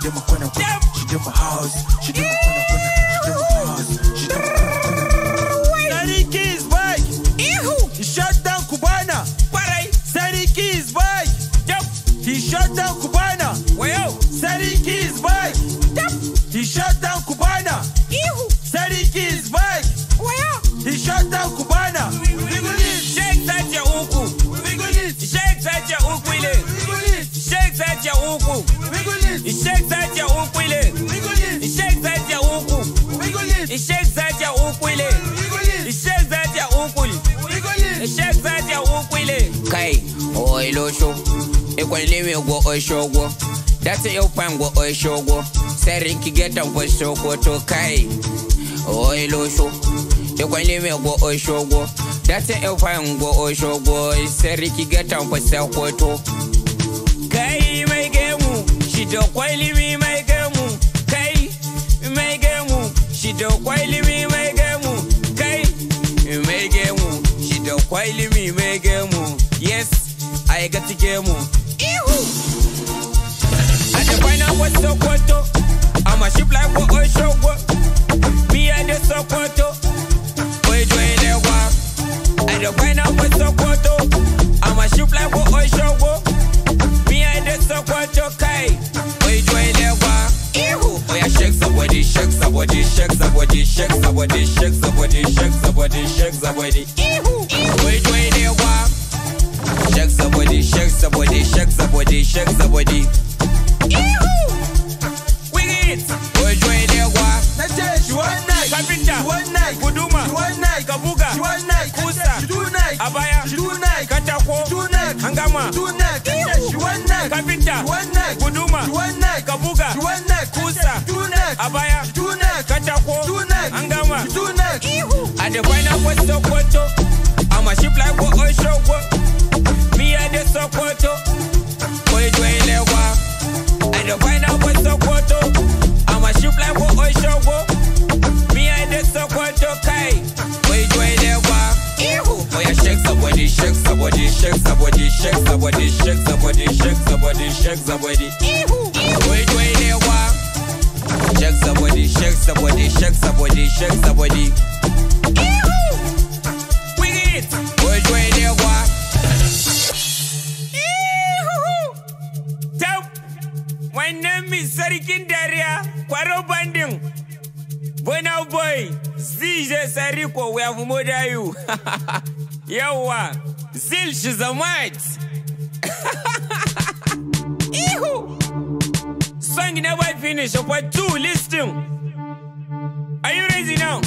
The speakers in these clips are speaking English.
she did my corner, she she did my house, she did my corner. He shut down Kubana. Parai. Sariki is back. He shut down Cubana. Well. Sariki is back. He shut down Kubana. Ihu. Sariki is back. Well. He shut down Cubana. Shake that your uncle. Shake that your uncle. Shake that your uncle. ilosho ikwanlimi gwo oshogwo dati iupangwo oshogwo serinkigeta gwo sokoto kai o ilosho ikwanlimi gwo oshogwo dati iupangwo oshogwo serinkigeta gwo to. kai mai gemu shi da kwalimi mai gemu kai mai gemu shi da kwalimi I'm a ship like what I Me and the Sokoto. We doing the work. And the when i Sokoto. I'm a ship like what I Me and the Sokoto Kai. We doing the work. Oh yeah, shake somebody, shake somebody, shake somebody, shake somebody, shake somebody, shake somebody, shake somebody. We doing the work. Shake somebody, shake somebody, shake somebody, shake somebody. Ew! neck. Abaya. She do neck. Katako. She do neck. Angama. She do neck. She one neck. Kapita. She one neck. buduma, She one neck. Kabuga. She one neck. Kusa. She do neck. Abaya. She do neck. Katako. She do neck. Angama. She do neck. Ihu. And the final was so koto. I'm a ship like what I show what. shek zabwadi shek zabwadi shek zabwadi shek zabwadi wai wai ne wa shek zabwadi shek zabwadi shek zabwadi mi sarkin dariya boy, ZJ Sariko, we have more Yawa. Зель же за мать! Иху! Song never finish, of what two, listen. Are you ready now?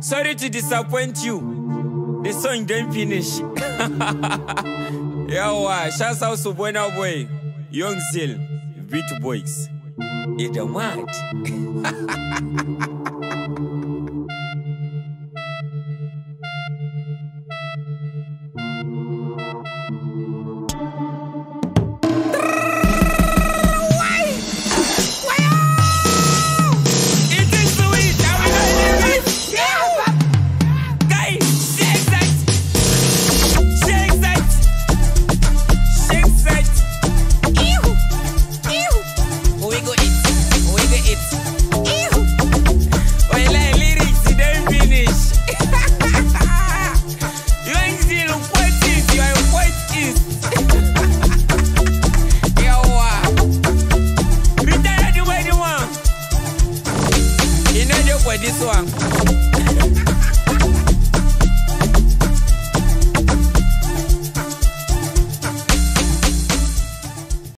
Sorry to disappoint you. The song didn't finish. Yawa, uh, shouts out to Buena Boy, Young Zil, Beat Boys. You don't mind.